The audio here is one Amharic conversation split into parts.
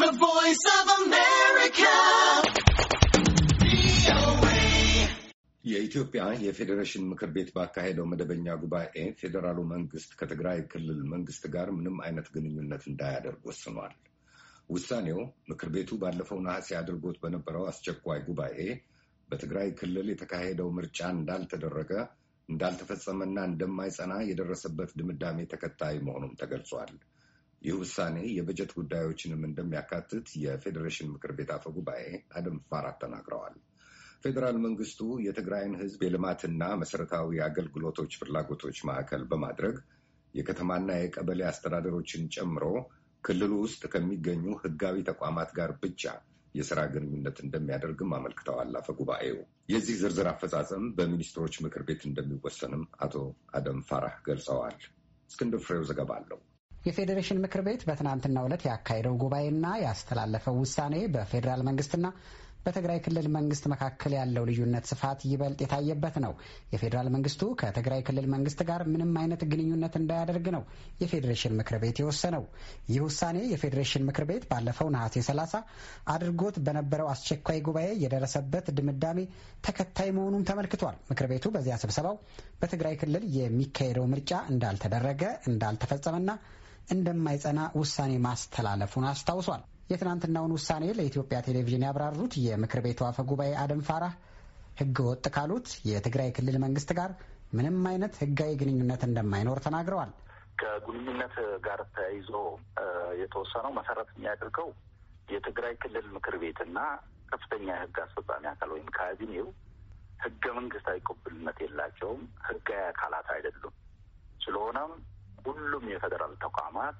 The Voice of America. የኢትዮጵያ የፌዴሬሽን ምክር ቤት ባካሄደው መደበኛ ጉባኤ ፌዴራሉ መንግስት ከትግራይ ክልል መንግስት ጋር ምንም አይነት ግንኙነት እንዳያደርግ ወስኗል። ውሳኔው ምክር ቤቱ ባለፈው ነሐሴ አድርጎት በነበረው አስቸኳይ ጉባኤ በትግራይ ክልል የተካሄደው ምርጫ እንዳልተደረገ እንዳልተፈጸመና እንደማይጸና የደረሰበት ድምዳሜ ተከታይ መሆኑም ተገልጿል። ይህ ውሳኔ የበጀት ጉዳዮችንም እንደሚያካትት የፌዴሬሽን ምክር ቤት አፈ ጉባኤ አደም ፋራት ተናግረዋል። ፌዴራል መንግስቱ የትግራይን ህዝብ የልማትና መሰረታዊ አገልግሎቶች ፍላጎቶች ማዕከል በማድረግ የከተማና የቀበሌ አስተዳደሮችን ጨምሮ ክልሉ ውስጥ ከሚገኙ ህጋዊ ተቋማት ጋር ብቻ የስራ ግንኙነት እንደሚያደርግም አመልክተዋል። አፈ ጉባኤው የዚህ ዝርዝር አፈጻጸም በሚኒስትሮች ምክር ቤት እንደሚወሰንም አቶ አደም ፋራህ ገልጸዋል። እስክንድር ፍሬው ዘገባ አለው። የፌዴሬሽን ምክር ቤት በትናንትናው ዕለት ያካሄደው ጉባኤና ያስተላለፈው ውሳኔ በፌዴራል መንግስትና በትግራይ ክልል መንግስት መካከል ያለው ልዩነት ስፋት ይበልጥ የታየበት ነው። የፌዴራል መንግስቱ ከትግራይ ክልል መንግስት ጋር ምንም አይነት ግንኙነት እንዳያደርግ ነው የፌዴሬሽን ምክር ቤት የወሰነው። ይህ ውሳኔ የፌዴሬሽን ምክር ቤት ባለፈው ነሐሴ 30 አድርጎት በነበረው አስቸኳይ ጉባኤ የደረሰበት ድምዳሜ ተከታይ መሆኑን ተመልክቷል። ምክር ቤቱ በዚያ ስብሰባው በትግራይ ክልል የሚካሄደው ምርጫ እንዳልተደረገ እንዳልተፈጸመና እንደማይጸና ውሳኔ ማስተላለፉን አስታውሷል። የትናንትናውን ውሳኔ ለኢትዮጵያ ቴሌቪዥን ያብራሩት የምክር ቤቱ አፈ ጉባኤ አደም ፋራህ ሕገ ወጥ ካሉት የትግራይ ክልል መንግስት ጋር ምንም አይነት ህጋዊ ግንኙነት እንደማይኖር ተናግረዋል። ከግንኙነት ጋር ተያይዞ የተወሰነው መሰረት የሚያደርገው የትግራይ ክልል ምክር ቤትና ከፍተኛ የህግ አስፈጻሚ አካል ወይም ካቢኔው ህገ መንግስታዊ ቁብልነት የላቸውም፣ ህጋዊ አካላት አይደሉም። ስለሆነም ሁሉም የፌዴራል ተቋማት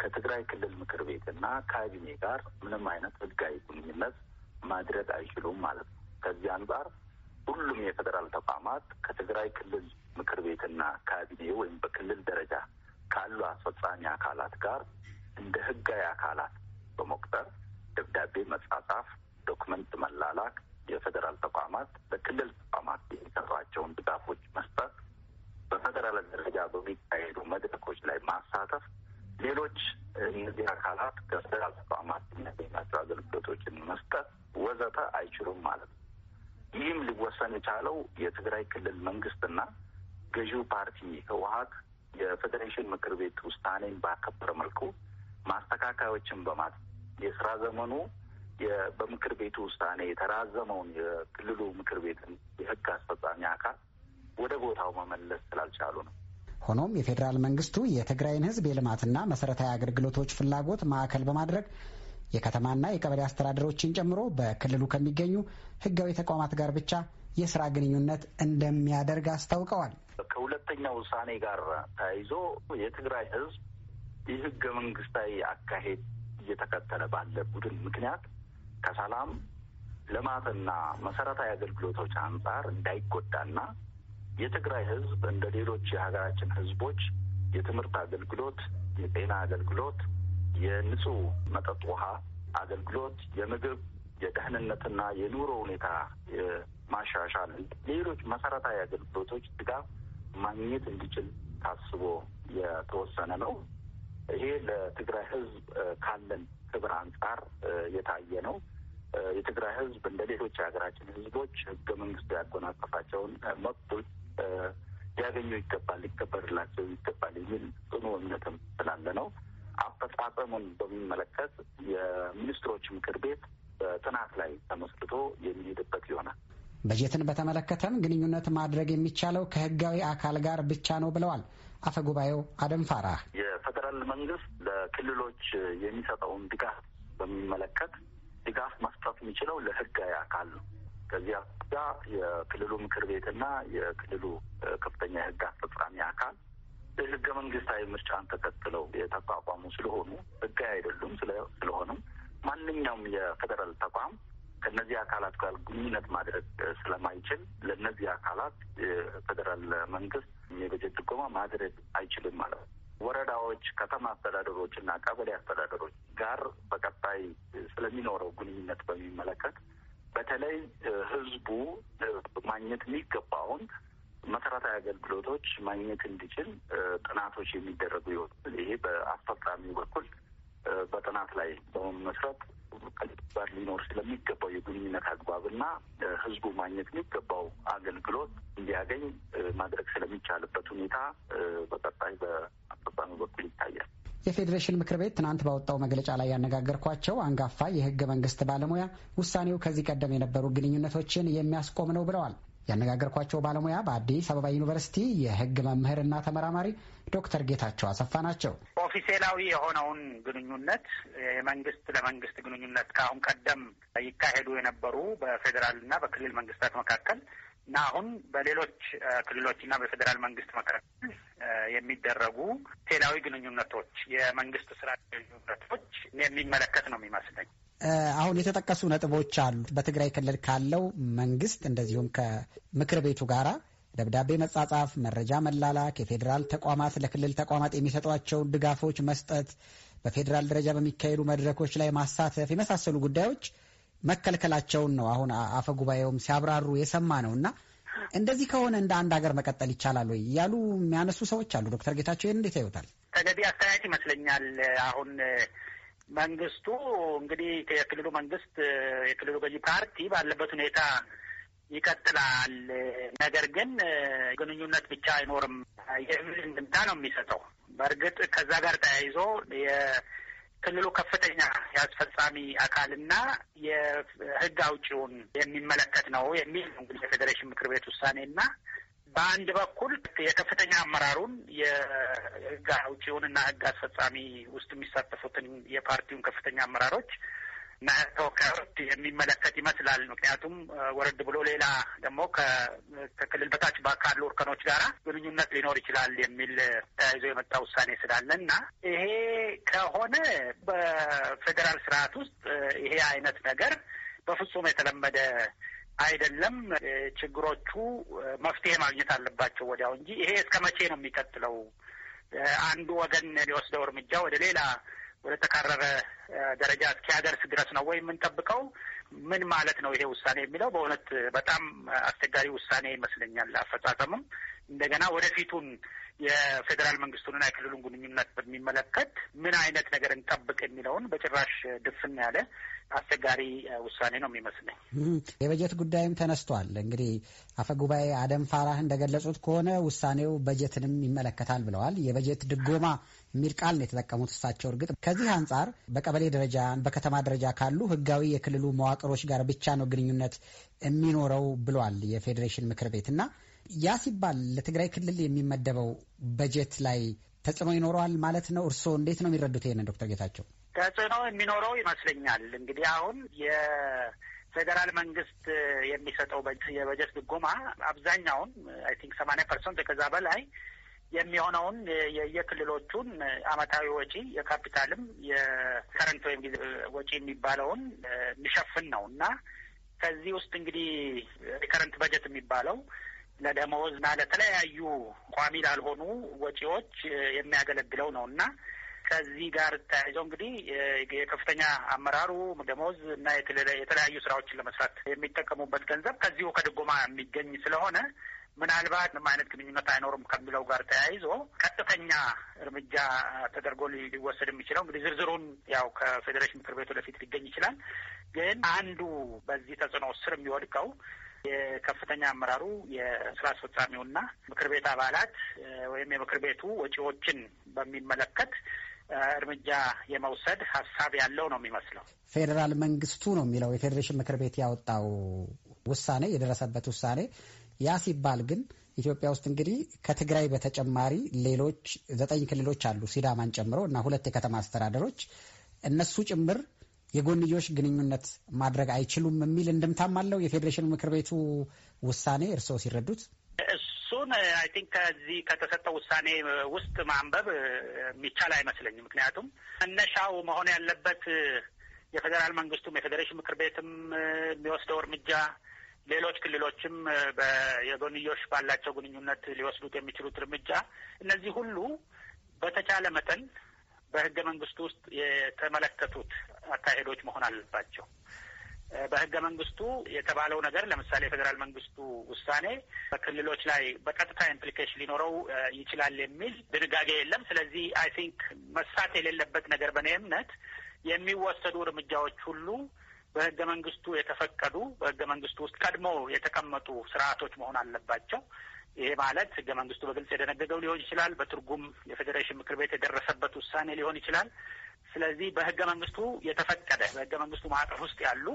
ከትግራይ ክልል ምክር ቤትና ካቢኔ ጋር ምንም አይነት ህጋዊ ግንኙነት ማድረግ አይችሉም ማለት ነው። ከዚህ አንጻር ሁሉም የፌዴራል ተቋማት ከትግራይ ክልል ምክር ቤትና ካቢኔ ወይም በክልል ደረጃ ካሉ አስፈጻሚ አካላት ጋር እንደ ህጋዊ አካላት በመቁጠር ደብዳቤ መጻጻፍ፣ ዶክመንት መላላክ የፌዴራል ተቋማት ለክልል ተቋማት በመሳተፍ ሌሎች እነዚህ አካላት ከስራ ተቋማት የሚያገኛቸው አገልግሎቶችን መስጠት ወዘተ አይችሉም ማለት ነው። ይህም ሊወሰን የቻለው የትግራይ ክልል መንግስትና ገዢው ፓርቲ ህወሀት የፌዴሬሽን ምክር ቤት ውሳኔን ባከበረ መልኩ ማስተካከያዎችን በማት የስራ ዘመኑ በምክር ቤቱ ውሳኔ የተራዘመውን የክልሉ ምክር ቤትን የህግ አስፈጻሚ አካል ወደ ቦታው መመለስ ስላልቻሉ ነው። ሆኖም የፌዴራል መንግስቱ የትግራይን ህዝብ የልማትና መሰረታዊ አገልግሎቶች ፍላጎት ማዕከል በማድረግ የከተማና የቀበሌ አስተዳደሮችን ጨምሮ በክልሉ ከሚገኙ ህጋዊ ተቋማት ጋር ብቻ የስራ ግንኙነት እንደሚያደርግ አስታውቀዋል። ከሁለተኛ ውሳኔ ጋር ተያይዞ የትግራይ ህዝብ የህገ መንግስታዊ አካሄድ እየተከተለ ባለ ቡድን ምክንያት ከሰላም ልማትና መሰረታዊ አገልግሎቶች አንጻር እንዳይጎዳና የትግራይ ህዝብ እንደ ሌሎች የሀገራችን ህዝቦች የትምህርት አገልግሎት፣ የጤና አገልግሎት፣ የንጹህ መጠጥ ውሃ አገልግሎት፣ የምግብ፣ የደህንነትና የኑሮ ሁኔታ የማሻሻል ሌሎች መሰረታዊ አገልግሎቶች ድጋፍ ማግኘት እንዲችል ታስቦ የተወሰነ ነው። ይሄ ለትግራይ ህዝብ ካለን ክብር አንጻር የታየ ነው። የትግራይ ህዝብ እንደ ሌሎች የሀገራችን ህዝቦች ህገ መንግስቱ ያጎናጸፋቸውን መብቶች ሊያገኘው ይገባል፣ ሊከበርላቸው ይገባል የሚል ጽኑ እምነትም ስላለ ነው። አፈጻጸሙን በሚመለከት የሚኒስትሮች ምክር ቤት በጥናት ላይ ተመስርቶ የሚሄድበት ይሆናል። በጀትን በተመለከተም ግንኙነት ማድረግ የሚቻለው ከህጋዊ አካል ጋር ብቻ ነው ብለዋል አፈ ጉባኤው አደም ፋራ። የፌዴራል መንግስት ለክልሎች የሚሰጠውን ድጋፍ በሚመለከት ድጋፍ መስጠት የሚችለው ለህጋዊ አካል ነው። ከዚያ እርምጃ የክልሉ ምክር ቤትና የክልሉ ከፍተኛ የህግ አስፈጻሚ አካል የህገ መንግስታዊ ምርጫን ተከትለው የተቋቋሙ ስለሆኑ ህጋዊ አይደሉም። ስለሆነም ማንኛውም የፌዴራል ተቋም ከእነዚህ አካላት ጋር ግንኙነት ማድረግ ስለማይችል ለእነዚህ አካላት የፌዴራል መንግስት የበጀት ድጎማ ማድረግ አይችልም ማለት ነው። ወረዳዎች፣ ከተማ አስተዳደሮች እና ቀበሌ አስተዳደሮች ጋር በቀጣይ ስለሚኖረው ግንኙነት በሚመለከት በተለይ ህዝቡ ማግኘት የሚገባውን መሰረታዊ አገልግሎቶች ማግኘት እንዲችል ጥናቶች የሚደረጉ ይሆን። ይሄ በአስፈጻሚው በኩል በጥናት ላይ በመመስረት ባር ሊኖር ስለሚገባው የግንኙነት አግባብና ህዝቡ ማግኘት የሚገባው አገልግሎት እንዲያገኝ ማድረግ ስለሚቻልበት ሁኔታ በቀጣይ የፌዴሬሽን ምክር ቤት ትናንት ባወጣው መግለጫ ላይ ያነጋገርኳቸው አንጋፋ የህገ መንግስት ባለሙያ ውሳኔው ከዚህ ቀደም የነበሩ ግንኙነቶችን የሚያስቆም ነው ብለዋል። ያነጋገርኳቸው ባለሙያ በአዲስ አበባ ዩኒቨርሲቲ የህግ መምህርና ተመራማሪ ዶክተር ጌታቸው አሰፋ ናቸው። ኦፊሴላዊ የሆነውን ግንኙነት የመንግስት ለመንግስት ግንኙነት ከአሁን ቀደም ይካሄዱ የነበሩ በፌዴራልና በክልል መንግስታት መካከል እና አሁን በሌሎች ክልሎችና በፌዴራል መንግስት መካከል የሚደረጉ ቴላዊ ግንኙነቶች፣ የመንግስት ስራ ግንኙነቶች የሚመለከት ነው የሚመስለኝ። አሁን የተጠቀሱ ነጥቦች አሉ። በትግራይ ክልል ካለው መንግስት እንደዚሁም ከምክር ቤቱ ጋራ ደብዳቤ መጻጻፍ፣ መረጃ መላላክ፣ የፌዴራል ተቋማት ለክልል ተቋማት የሚሰጧቸውን ድጋፎች መስጠት፣ በፌዴራል ደረጃ በሚካሄዱ መድረኮች ላይ ማሳተፍ የመሳሰሉ ጉዳዮች መከልከላቸውን ነው አሁን አፈ ጉባኤውም ሲያብራሩ የሰማ ነው እና እንደዚህ ከሆነ እንደ አንድ ሀገር መቀጠል ይቻላል ወይ እያሉ የሚያነሱ ሰዎች አሉ። ዶክተር ጌታቸው ይህን እንዴት ያዩታል? ተገቢ አስተያየት ይመስለኛል። አሁን መንግስቱ እንግዲህ የክልሉ መንግስት የክልሉ ገዢ ፓርቲ ባለበት ሁኔታ ይቀጥላል። ነገር ግን ግንኙነት ብቻ አይኖርም የሚል እንድምታ ነው የሚሰጠው። በእርግጥ ከዛ ጋር ተያይዞ ክልሉ ከፍተኛ የአስፈጻሚ አካልና የህግ አውጪውን የሚመለከት ነው የሚል እንግዲህ የፌዴሬሽን ምክር ቤት ውሳኔና በአንድ በኩል የከፍተኛ አመራሩን የህግ አውጪውንና ህግ አስፈጻሚ ውስጥ የሚሳተፉትን የፓርቲውን ከፍተኛ አመራሮች ተወካዮች የሚመለከት ይመስላል። ምክንያቱም ወረድ ብሎ ሌላ ደግሞ ከክልል በታች ካሉ እርከኖች ጋር ግንኙነት ሊኖር ይችላል የሚል ተያይዞ የመጣ ውሳኔ ስላለ እና ይሄ ከሆነ በፌዴራል ስርዓት ውስጥ ይሄ አይነት ነገር በፍጹም የተለመደ አይደለም። ችግሮቹ መፍትሄ ማግኘት አለባቸው ወዲያው እንጂ ይሄ እስከ መቼ ነው የሚቀጥለው? አንዱ ወገን ሊወስደው እርምጃ ወደ ሌላ ወደ ተካረረ ደረጃ እስኪያደርስ ድረስ ነው ወይ የምንጠብቀው? ምን ማለት ነው ይሄ ውሳኔ የሚለው በእውነት በጣም አስቸጋሪ ውሳኔ ይመስለኛል። አፈጻጸምም እንደገና ወደፊቱን የፌዴራል መንግስቱንና የክልሉን ግንኙነት በሚመለከት ምን አይነት ነገር እንጠብቅ የሚለውን በጭራሽ ድፍን ያለ አስቸጋሪ ውሳኔ ነው የሚመስለኝ። የበጀት ጉዳይም ተነስቷል። እንግዲህ አፈ ጉባኤ አደም ፋራህ እንደገለጹት ከሆነ ውሳኔው በጀትንም ይመለከታል ብለዋል። የበጀት ድጎማ የሚል ቃል ነው የተጠቀሙት እሳቸው። እርግጥ ከዚህ አንጻር በቀበሌ ደረጃ፣ በከተማ ደረጃ ካሉ ህጋዊ የክልሉ መዋቅሮች ጋር ብቻ ነው ግንኙነት የሚኖረው ብሏል የፌዴሬሽን ምክር ቤት እና ያ ሲባል ለትግራይ ክልል የሚመደበው በጀት ላይ ተጽዕኖ ይኖረዋል ማለት ነው። እርስዎ እንዴት ነው የሚረዱት ይሄንን ዶክተር ጌታቸው? ተጽዕኖ የሚኖረው ይመስለኛል። እንግዲህ አሁን የፌዴራል መንግስት የሚሰጠው የበጀት ድጎማ አብዛኛውን አይ ቲንክ ሰማንያ ፐርሰንት ከዛ በላይ የሚሆነውን የየክልሎቹን አመታዊ ወጪ የካፒታልም የከረንት ወይም ጊዜ ወጪ የሚባለውን የሚሸፍን ነው እና ከዚህ ውስጥ እንግዲህ የከረንት በጀት የሚባለው ለደመወዝ እና ለተለያዩ ቋሚ ላልሆኑ ወጪዎች የሚያገለግለው ነው እና ከዚህ ጋር ተያይዘው እንግዲህ የከፍተኛ አመራሩ ደሞዝ እና የተለያዩ ስራዎችን ለመስራት የሚጠቀሙበት ገንዘብ ከዚሁ ከድጎማ የሚገኝ ስለሆነ ምናልባት ምንም አይነት ግንኙነት አይኖርም ከሚለው ጋር ተያይዞ ቀጥተኛ እርምጃ ተደርጎ ሊወሰድ የሚችለው እንግዲህ ዝርዝሩን ያው ከፌዴሬሽን ምክር ቤት ወደፊት ሊገኝ ይችላል። ግን አንዱ በዚህ ተጽዕኖ ስር የሚወድቀው የከፍተኛ አመራሩ የስራ አስፈጻሚውና ምክር ቤት አባላት ወይም የምክር ቤቱ ወጪዎችን በሚመለከት እርምጃ የመውሰድ ሀሳብ ያለው ነው የሚመስለው። ፌዴራል መንግስቱ ነው የሚለው የፌዴሬሽን ምክር ቤት ያወጣው ውሳኔ የደረሰበት ውሳኔ። ያ ሲባል ግን ኢትዮጵያ ውስጥ እንግዲህ ከትግራይ በተጨማሪ ሌሎች ዘጠኝ ክልሎች አሉ ሲዳማን ጨምሮ እና ሁለት የከተማ አስተዳደሮች እነሱ ጭምር የጎንዮሽ ግንኙነት ማድረግ አይችሉም የሚል እንድምታም አለው የፌዴሬሽን ምክር ቤቱ ውሳኔ። እርስዎ ሲረዱት እሱ እሱን አይ ቲንክ ከዚህ ከተሰጠው ውሳኔ uh, ውስጥ ማንበብ uh, የሚቻል አይመስለኝም። ምክንያቱም መነሻው መሆን ያለበት uh, የፌዴራል መንግስቱም የፌዴሬሽን ምክር ቤትም የሚወስደው እርምጃ ሌሎች ክልሎችም የጎንዮሽ ባላቸው ግንኙነት ሊወስዱት የሚችሉት እርምጃ እነዚህ ሁሉ በተቻለ መጠን በህገ መንግስቱ ውስጥ የተመለከቱት አካሄዶች መሆን አለባቸው። በህገ መንግስቱ የተባለው ነገር ለምሳሌ የፌዴራል መንግስቱ ውሳኔ በክልሎች ላይ በቀጥታ ኢምፕሊኬሽን ሊኖረው ይችላል የሚል ድንጋጌ የለም። ስለዚህ አይ ቲንክ መሳት የሌለበት ነገር በእኔ እምነት የሚወሰዱ እርምጃዎች ሁሉ በህገ መንግስቱ የተፈቀዱ በህገ መንግስቱ ውስጥ ቀድሞ የተቀመጡ ስርዓቶች መሆን አለባቸው። ይሄ ማለት ህገ መንግስቱ በግልጽ የደነገገው ሊሆን ይችላል። በትርጉም የፌዴሬሽን ምክር ቤት የደረሰበት ውሳኔ ሊሆን ይችላል። ስለዚህ በህገ መንግስቱ የተፈቀደ በህገ መንግስቱ ማዕቀፍ ውስጥ ያሉ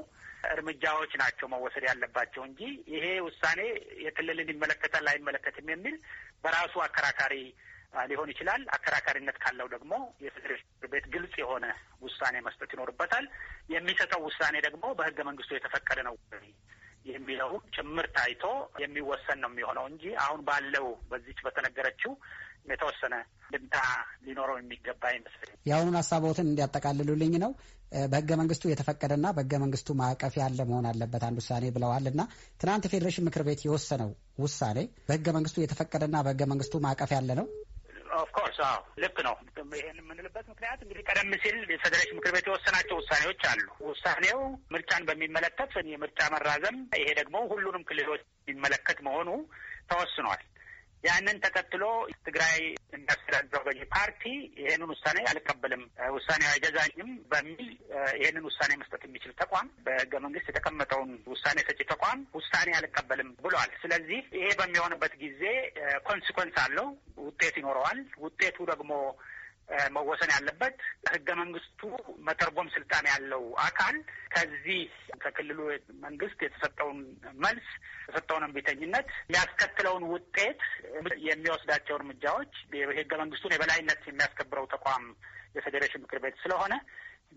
እርምጃዎች ናቸው መወሰድ ያለባቸው እንጂ ይሄ ውሳኔ የክልልን ይመለከታል አይመለከትም የሚል በራሱ አከራካሪ ሊሆን ይችላል። አከራካሪነት ካለው ደግሞ የፌዴሬሽን ምክር ቤት ግልጽ የሆነ ውሳኔ መስጠት ይኖርበታል። የሚሰጠው ውሳኔ ደግሞ በህገ መንግስቱ የተፈቀደ ነው የሚለው ጭምር ታይቶ የሚወሰን ነው የሚሆነው እንጂ አሁን ባለው በዚች በተነገረችው የተወሰነ ድምታ ሊኖረው የሚገባ አይመስለኝም። የአሁኑን ሀሳቦትን እንዲያጠቃልሉልኝ ነው። በህገ መንግስቱ የተፈቀደና በህገ መንግስቱ ማዕቀፍ ያለ መሆን አለበት አንድ ውሳኔ ብለዋል እና ትናንት የፌዴሬሽን ምክር ቤት የወሰነው ውሳኔ በህገ መንግስቱ የተፈቀደና በህገ መንግስቱ ማዕቀፍ ያለ ነው ኦፍኮርስ አዎ ልክ ነው። ይህን የምንልበት ምክንያት እንግዲህ ቀደም ሲል የፌዴሬሽን ምክር ቤት የወሰናቸው ውሳኔዎች አሉ። ውሳኔው ምርጫን በሚመለከት የምርጫ መራዘም፣ ይሄ ደግሞ ሁሉንም ክልሎች የሚመለከት መሆኑ ተወስኗል። ያንን ተከትሎ ትግራይ እንዳስተዳድረው ገዢ ፓርቲ ይህንን ውሳኔ አልቀበልም፣ ውሳኔው አይገዛኝም በሚል ይህንን ውሳኔ መስጠት የሚችል ተቋም በህገ መንግስት የተቀመጠውን ውሳኔ ሰጪ ተቋም ውሳኔ አልቀበልም ብሏል። ስለዚህ ይሄ በሚሆንበት ጊዜ ኮንሲኮንስ አለው። ውጤት ይኖረዋል። ውጤቱ ደግሞ መወሰን ያለበት ህገ መንግስቱ መተርጎም ስልጣን ያለው አካል ከዚህ ከክልሉ መንግስት የተሰጠውን መልስ የተሰጠውን እምቢተኝነት የሚያስከትለውን ውጤት የሚወስዳቸው እርምጃዎች የህገ መንግስቱን የበላይነት የሚያስከብረው ተቋም የፌዴሬሽን ምክር ቤት ስለሆነ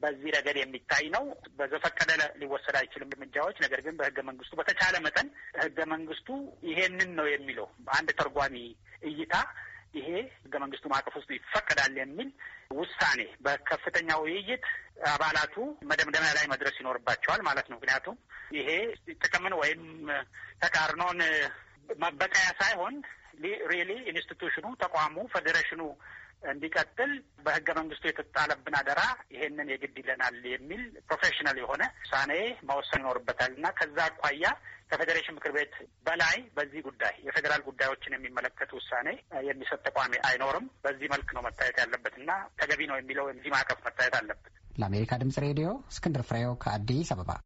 በዚህ ረገድ የሚታይ ነው። በዘፈቀደ ሊወሰድ አይችልም እርምጃዎች። ነገር ግን በህገ መንግስቱ በተቻለ መጠን ህገ መንግስቱ ይሄንን ነው የሚለው አንድ ተርጓሚ እይታ ይሄ ህገ መንግስቱ ማዕቀፍ ውስጥ ይፈቀዳል የሚል ውሳኔ በከፍተኛ ውይይት አባላቱ መደምደሚያ ላይ መድረስ ይኖርባቸዋል ማለት ነው። ምክንያቱም ይሄ ጥቅምን ወይም ተቃርኖን መበቀያ ሳይሆን ሪሊ ኢንስቲቱሽኑ ተቋሙ፣ ፌዴሬሽኑ እንዲቀጥል በህገ መንግስቱ የተጣለብን አደራ ይሄንን የግድ ይለናል የሚል ፕሮፌሽናል የሆነ ውሳኔ መወሰን ይኖርበታል እና ከዛ አኳያ ከፌዴሬሽን ምክር ቤት በላይ በዚህ ጉዳይ የፌዴራል ጉዳዮችን የሚመለከት ውሳኔ የሚሰጥ ተቋሚ አይኖርም። በዚህ መልክ ነው መታየት ያለበት እና ተገቢ ነው የሚለው እዚህ ማዕቀፍ መታየት አለበት። ለአሜሪካ ድምጽ ሬዲዮ እስክንድር ፍሬው ከአዲስ አበባ